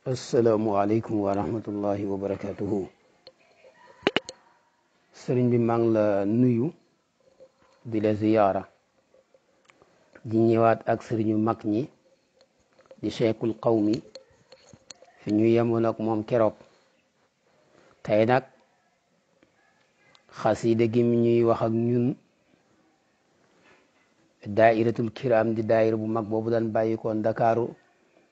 asalaamualeykum wa rahmatullahi wa barakatuhu sëriñ bi maa la nuyu di la ziyaara di ñëwaat ak sëriñu mag ñi di cheikhul qawmi fi ñu yemoon ak moom keroog te nag xasida gi mi ñuy wax ak ñun daairatul kiram di daaira bu mag boobu daan bàyyi ko ndakaaru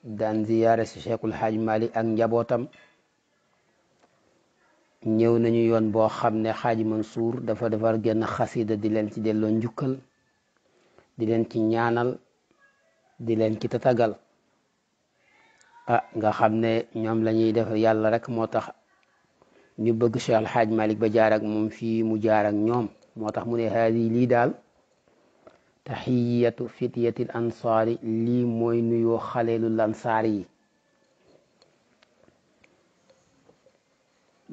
daan ziyaare si Cheikhul Xaaj Malik ak njabootam ñëw nañu yoon boo xam ne Xaaj Mansour dafa defar genn xasida di leen ci delloo njukkal di leen ci ñaanal di leen ci tatagal ah nga xam ne ñoom la ñuy def yàlla rek moo tax ñu bëgg Cheikh Al Xaaj Malik ba jaarak ak moom fii mu jaar ak ñoom moo tax mu ne haadi lii daal taxiyatu fitiyatil ansaari lii mooy nuyoo xaleelu lansaar yi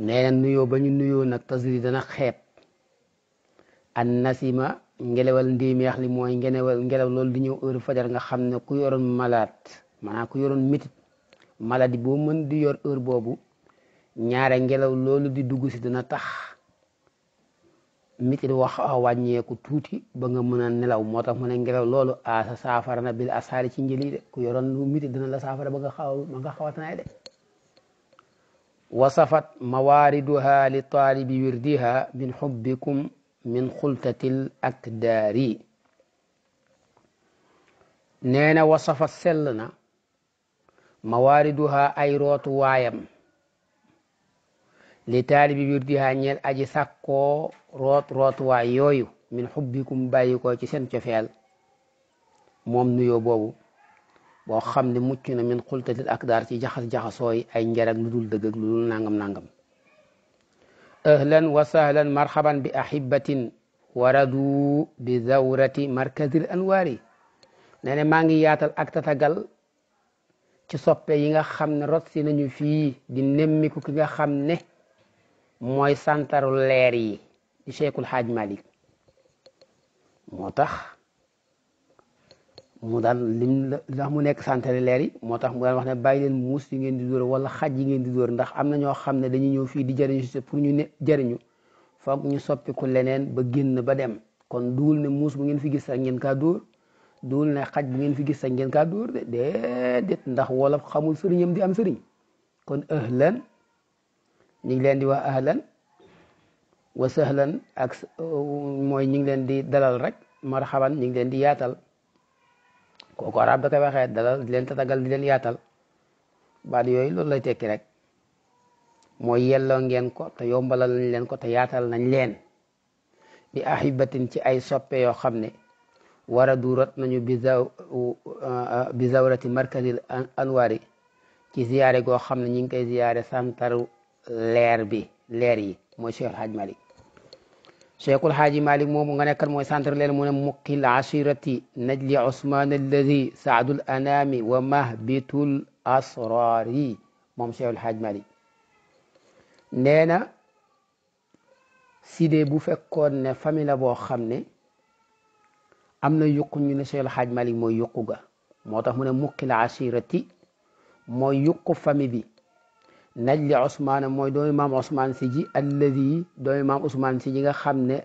nee na nuyoo ba ñu nuyoo nag tasli dana xeet an nasima ngelewal ndiimeex li mooy ngelewal ngelaw loolu di ñëw heure fajar nga xam ne ku yoroon malaat maanaam ku yoroon mitit maladi boo mën di yor heure boobu ñaare ngelaw loolu di dugg si dana tax mitir wax a ah, wàññeeku tuuti ba nga nelaw moo tax mu ne ngelaw loolu a ah, sa na bil asaari ci njëli de ku yoroon lu mitir dina la saafara ba nga xaw ba nga wasafat mawaariduha li taalibi wirdiha min xubbikum min xultatil akdaari nee na wasafat sell na mawaariduha ay li taalibi wirdiha aji sàkkoo root rootuwaay yooyu min xubbikum bàyyi ci seen cofeel moom nuyoo boobu boo xam ne mucc na min xultatil akdaar ci jaxas ay njarag lu dul dëgg ak nangam-nangam ahlan wa sahlan marhaban bi ahibatin waradu bi zawrati markazil anwaari ne ne maa ngi yaatal ak ci soppe yi nga xam ne rot si nañu fii di nemmiku ki nga xam ne mooy santaru leer yi di Cheikhul Xaaj Malik moo tax mu daan lim la ndax mu nekk santaru leer yi moo tax mu daan wax ne bàyyi leen muus yi ngeen di dóor wala xaj yi ngeen di dóor ndax am na ñoo xam ne dañuy ñëw fii di jëriñu si pour ñu ne jariñu foog ñu soppiku leneen ba génn ba dem kon duwul ne muus bu ngeen fi gis ngeen kaa dóor duwul ne xaj bu ngeen fi gis sax ngeen kaa dóor de déedéet ndax wolof xamul sëriñam di am sëriñ kon ëhlan ñu leen di wa ahlan wa sahlan ak mooy ñu ngi leen di dalal rek marhaban ñu ngi leen di yaatal kooku arab da koy waxee dalal di leen tatagal di leen yaatal baat yooyu loolu lay tekki rek mooy yelloo ngeen ko te yombalal nañ leen ko te yaatal nañ leen bi ahibatin ci ay soppe yoo xam ne wara durat nañu bi zaw bi zawrati markazil anwari ci ziyaare goo xam ne ñi ngi koy ziyaare leer bi leer yi mooy Cheikh Hadj Malick Cheikhul Hadji Malick moomu nga nekkat mooy centre leen mu ne muqil ashirati najli Ousmane alladi saadul anami wa mahbitul asrari moom Cheikhul Hadji Malick nee na sidee bu fekkoon ne famila boo xam ne am na yuq ñu ne Cheikhul Hadji Malick mooy yuq ga moo tax mu ne muqil ashirati mooy yuq famille bi najli Ousmane mooy doomi maam Ousmane si ji alladi doomi maam Ousmane nga xam ne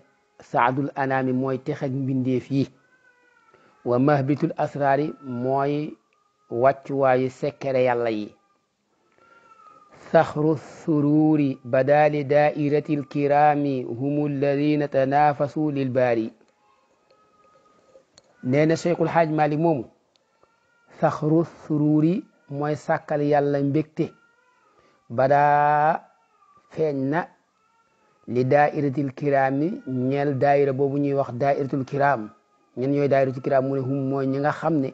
saadul anaami mooy tex ak mbindeef yi wa mahbitul asraari mooy wàccuwaayu sekkere yàlla yi saxru suruuri badaali daairati hum alladina tanafasu lilbaari nee na Cheikhul Xaaj Malik moomu saxru suruuri mooy yàlla mbégte badaa feeñ na li daairatil kiraami ñeel daaira boobu ñuy wax daairatul kiraam ñen ñooy daairatul kiraam mu ne hum mooy ñi nga xam ne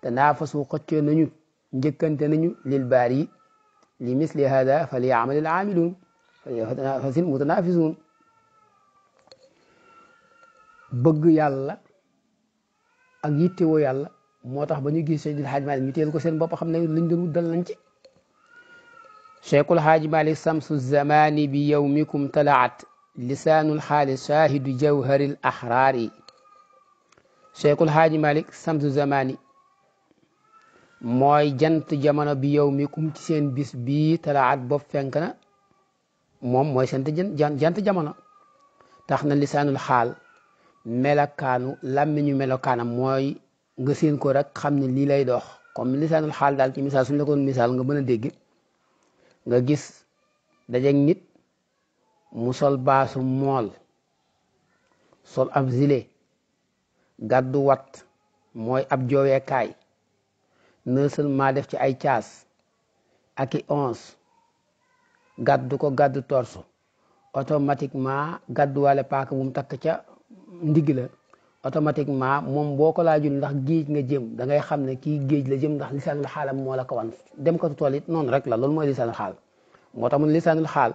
te naafasu xëccoo nañu njëkkante nañu lil baari li misli hada fal yaamal al aamiluun fasil mutanaafisuun bëgg yàlla ak yittewoo yàlla moo tax ba ñu gis Seydil Hadj Malick ñu ko seen bopp xam ne liñ doon wut cheikhul haaji malik samsu zamani bi yawmikum talaat lisaanul xaali shaahidu jawharil ahraari cheikhul haaji malik samsu zamani mooy jant jamono bi yawmikum ci seen bis bi talaat bopp fenk moom mooy sant jant jamono tax na lisaanul xaal melokaanu làmmiñu melokaanam mooy nga seen ko rek xam ne lii lay dox comme lisaanul xaal daal ci misaal suñ la misaal nga mën a dégg nga gis dajeg nit mu sol baasu mool sol ab zile gàddu wat mooy ab jooweekaay non seulement def ci ay caas ak i onze gàddu ko gàddu torso automatiquement gàdduwaale paaka bum mu takk ca ndigg la automatiquement moom boo ko laajul ndax géej nga jëm da xam ne kii géej la jëm ndax lisaanul xaalam moo la ko wan dem ko tool it noonu rek la loolu mooy lisaanul xaal moo tax mu lisaanul xaal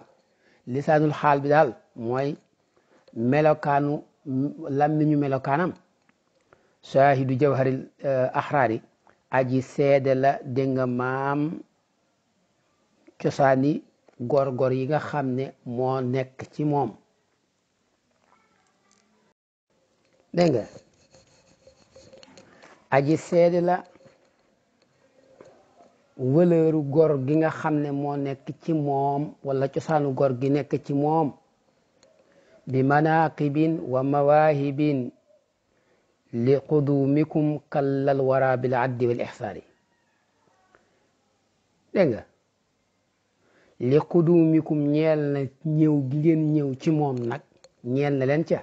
lisaanul xaal bi daal mooy melokaanu làmmiñu melokaanam shaahidu jawharil eh, ahraari aji seede la dégg nga maam cosaani góor-góor yi nga xam ne moo nekk ci moom dégg aji seede la wëlëru gor gi nga xam ne moo nekk ci moom wala cosaanu gor gi nekk ci moom bi manaqibin wa mawahibin li qudumikum kallal wara bil addi wal ihsaani dégg li qudumikum ñeel na ñëw gi ngeen ñëw ci moom nag ñeel na leen ca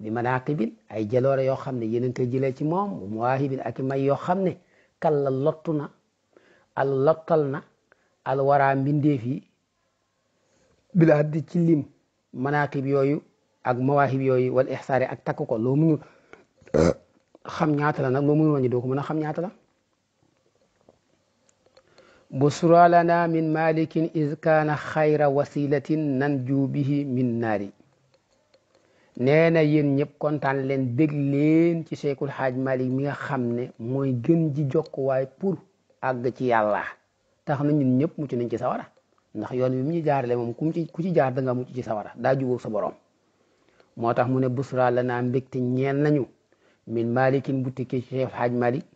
bi manaqibin ay jaloore yoo xam ne yéen a ngi koy jëlee ci moom muwaahibin ak may yoo xam ne kalla lottu na al lottal na al waraa mbindeef yi bilaa di ci lim manaqib yooyu ak mawaahib yooyu wal ixsaari ak takk ko loo munul xam ñaata la nag loo munul wàññi doo ko mën ñaata la busra lana min malikin iz kaana xayra wasilatin nanju bihi min naari nee na yéen ñëpp kontaan leen bég leen ci Seexul Xaaj Malik mi nga xam ne mooy gën ji jokkuwaay pour àgg ci yàlla tax na ñun ñëpp mucc nañ ci sawara ndax yoon wi mu ñu jaarale moom ku ci ku ci jaar da nga mucc ci sawara daa jubóog sa borom moo tax mu ne busra la naa mbégte ñeen nañu min malikin bu tukkee ci Seexul Xaaj Malik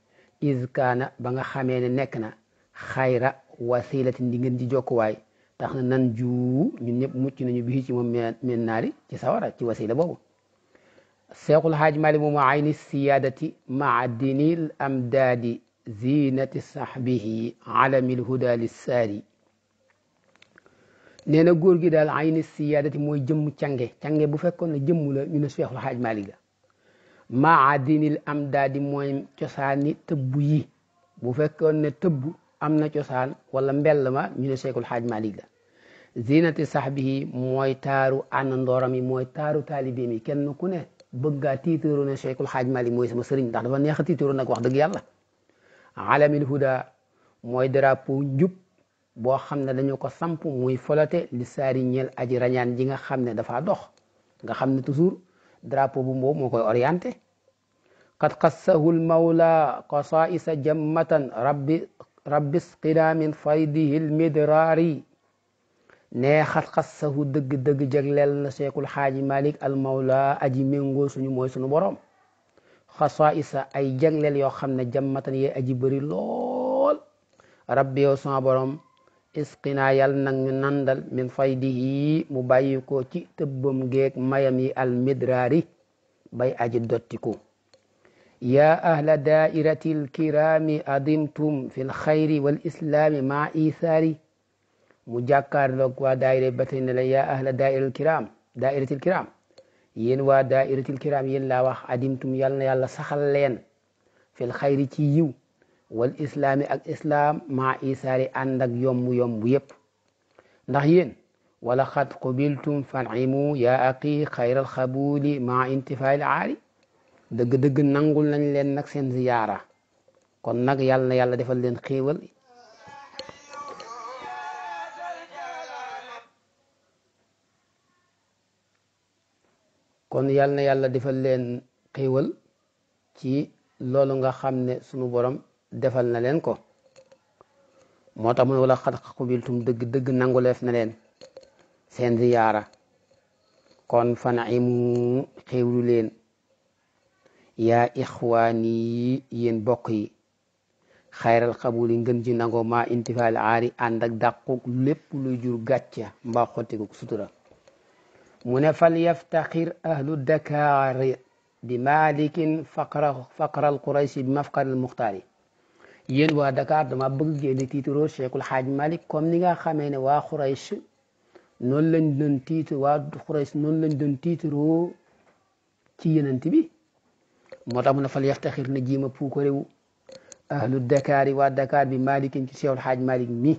iskaana ba nga xamee ne nekk na xayra wasilatin di ngeen ji jokkuwaay tax na nan juu ñun ñëpp mucc nañu bii ci moom min naari ci sawara ci wasila boobu seexul xaaj maali moomu ayni siyaadati maa dinil amdaadi zinati sahbihi alamil huda lissaari nee na góor gi daal ayni siyaadati mooy jëmm cange cange bu fekkoon ne jëmm la ñu ne seexul xaaj maali ga maa dinil amdaadi mooy cosaani tëbb yi bu fekkoon ne tëbb am na cosaan wala mbell ma ñu ne Seexul Xaaj Maalik la zinati sahbihi mooy taaru àndandooram yi mooy taaru taalibeem yi kenn ku ne bëgg ngaa tiitaru ne Seexul Xaaj Maalik mooy sama sëriñ ndax dafa neex a tiitaru nag wax dëgg yàlla alamil huda mooy drapeau njub boo xam ne dañu ko samp muy folote li saari ñeel aji rañaan ji nga xam ne dafa dox nga xam ne toujours drapeau bu mboobu moo koy orienté qad qassahul mawla qasaisa jammatan rabbi rabbi isqina min faydihi lmidraari ne xat xassahu dëgg-dëgg jagleel na seekul xaaji malik al aji méngoo suñu mooy borom xasaisa ay jagleel yoo xam ne jammatan yee aji bëri lool rabbi yow sama borom isqina yal nag ñu nandal min faydihi mu bàyyi ko ci tëbbam geeg mayam yi al bay aji dotti ko yaa ahla daairati alkirami adintum fi lxayri walislami maa isaari mu jàkkaarloog waa daaira ba tey ne la yaa ahla daairati alkiram daairati alkiram yéen waa daairati alkiram yéen laa wax adintum yàlla na yàlla saxal leen fi lxayri ci yiw wal islaami ak islaam maa isaari ànd ak yomb yomb yépp ndax yéen wala xad qubiltum fanimu yaa aqi xayral xabuli maa intifail aari dëgg-dëgg nangul nañ leen nag seen ziyaara kon nag yàlla na yàlla defal leen xéewal kon yàlla na yàlla defal leen xéewal ci loolu nga xam ne sunu borom defal na leen ko moo tax mu ne wala xat xubiltum dëgg dëgg nanguleef na leen seen ziyaara kon fanaim xéewlu leen yaa ixwaani yi yéen bokk yi xayral xabul yi ngën ji nangoo maa intifaal aari ànd ak dàquk lépp luy jur gàcca mbaa xottikuk sutura mu ne fal yaftaxir ahlu dakaari bi malikin faqra faqral quraysi bi mafqaril muxtaari yéen waa Dakar dama bëgg ngeen di tiitaroo Cheikhul Xaaj Malik comme ni nga xamee ne waa Xurays noonu lañ doon tiit waa lañ doon tiitaroo ci moo tax mu ne fal yaxtaxir na jiima puukarewu ahlu Dakar yi waa Dakar bi malikin ci seewul xaaj malik mi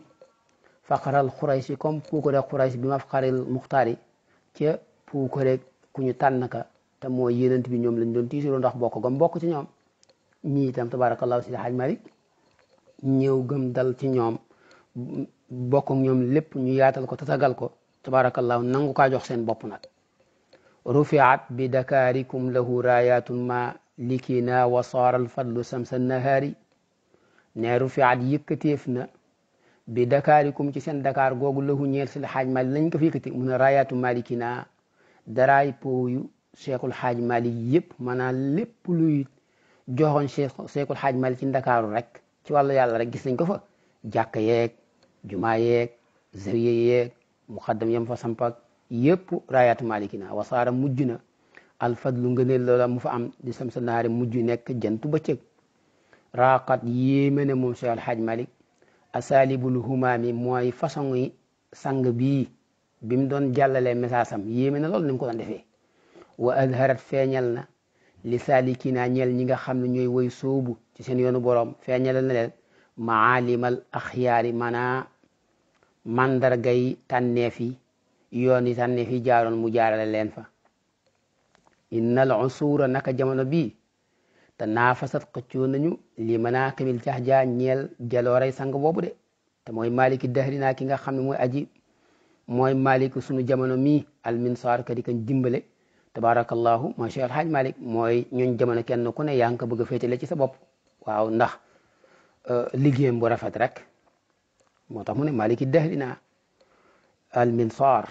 faqaral xuraysi comme puukare xuraysi bi ma faqaril muxtaari ca puukare ku ñu tànn ka te mooy yéenant bi ñoom lañ doon tiisuroo ndax bokk gam bokk ci ñoom ñii itam tabaarakallaahu si xaaj malik ñëw gëm dal ci ñoom bokk ak ñoom lépp ñu yaatal ko sagal ko tabaarakallaahu nangu ka jox seen bopp nag rufiat bi dakarikum lahu raayaatun likina wa saara alfadlu samsa nahaari ne rufiat yëkkateef na bi dakaarikum ci seen dakaar googu lahu ñeel si xaaj mali lañ ko fi yëkkati mu ne rayaatu malikina daraay pooyu cheikhul xaaj mali yëpp maanaam lépp luy joxoon cheikhul xaaj mali ci ndakaaru rek ci wàllu yàlla rek gis nañ ko fa jàkka yeeg jumaa yeeg zawiya yeeg muqaddam yam fa sampak yëpp rayaatu malikina wasaara mujj na alfadlu ngëneel loola mu fa am di sam sa naari mujj nekk jantu bëccëg raqat yéeme ne moom Seex Alxaaj Malik asalibul humaami mooy façon yi sang bii bi mu doon jàllalee message am yéeme na loolu ni mu ko doon defee wa azharat feeñal na li salikina ñeel ñi nga xam ne ñooy woy soobu ci seen yoonu boroom feeñalal na leen maalimal axyaari maanaa mandargay tànneef yi yoon yi tànneef jaaroon mu jaarale leen fa innal usuura naka jamono bii te naafasat xëccoo nañu li manaaqibil jahja ñeel jalooray sang boobu de te mooy maliki dahri na ki nga xam ne mooy aji mooy maliki sunu jamono mii alminsaar ka di kañ dimbale tabarakallahu ma sha alhaaj malik mooy ñun jamono kenn ku ne yaa ngi ko bëgg a féetale ci sa bopp waaw euh, rafet rek moo tax mu ne maliki dahri naa alminsaar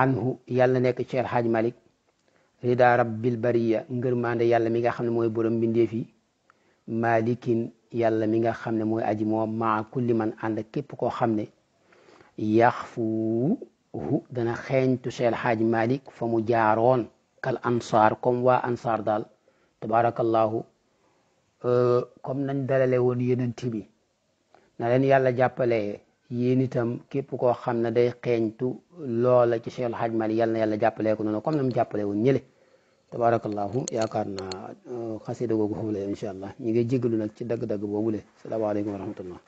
anhu yàlla na nekk ci malik rida rabbil bariya ngërmaande yàlla mi nga xam ne mooy borom mbindeef yi malikin yàlla mi nga xam ne mooy aji moom maa kulli man ànd képp koo xam ne yaxfu hu dana xeeñtu seel xaaj malik fa mu jaaroon kal ansaar comme waa ansaar daal tabarakallahu euh, comme nañ dalale woon yeneen bi na leen yàlla jàppale yéen itam képp koo xam ne day loo loola ci Cheikh Alhaj Mali yal na yàlla jàppalee ko noonu comme na mu jàppale woon ñële tabarakallahu yaakaar naa euh, xasida googu foofu la insha allah ñi ngay jégalu nag ci dagg-dagg boobule salaamaaleykum wa rahmatullah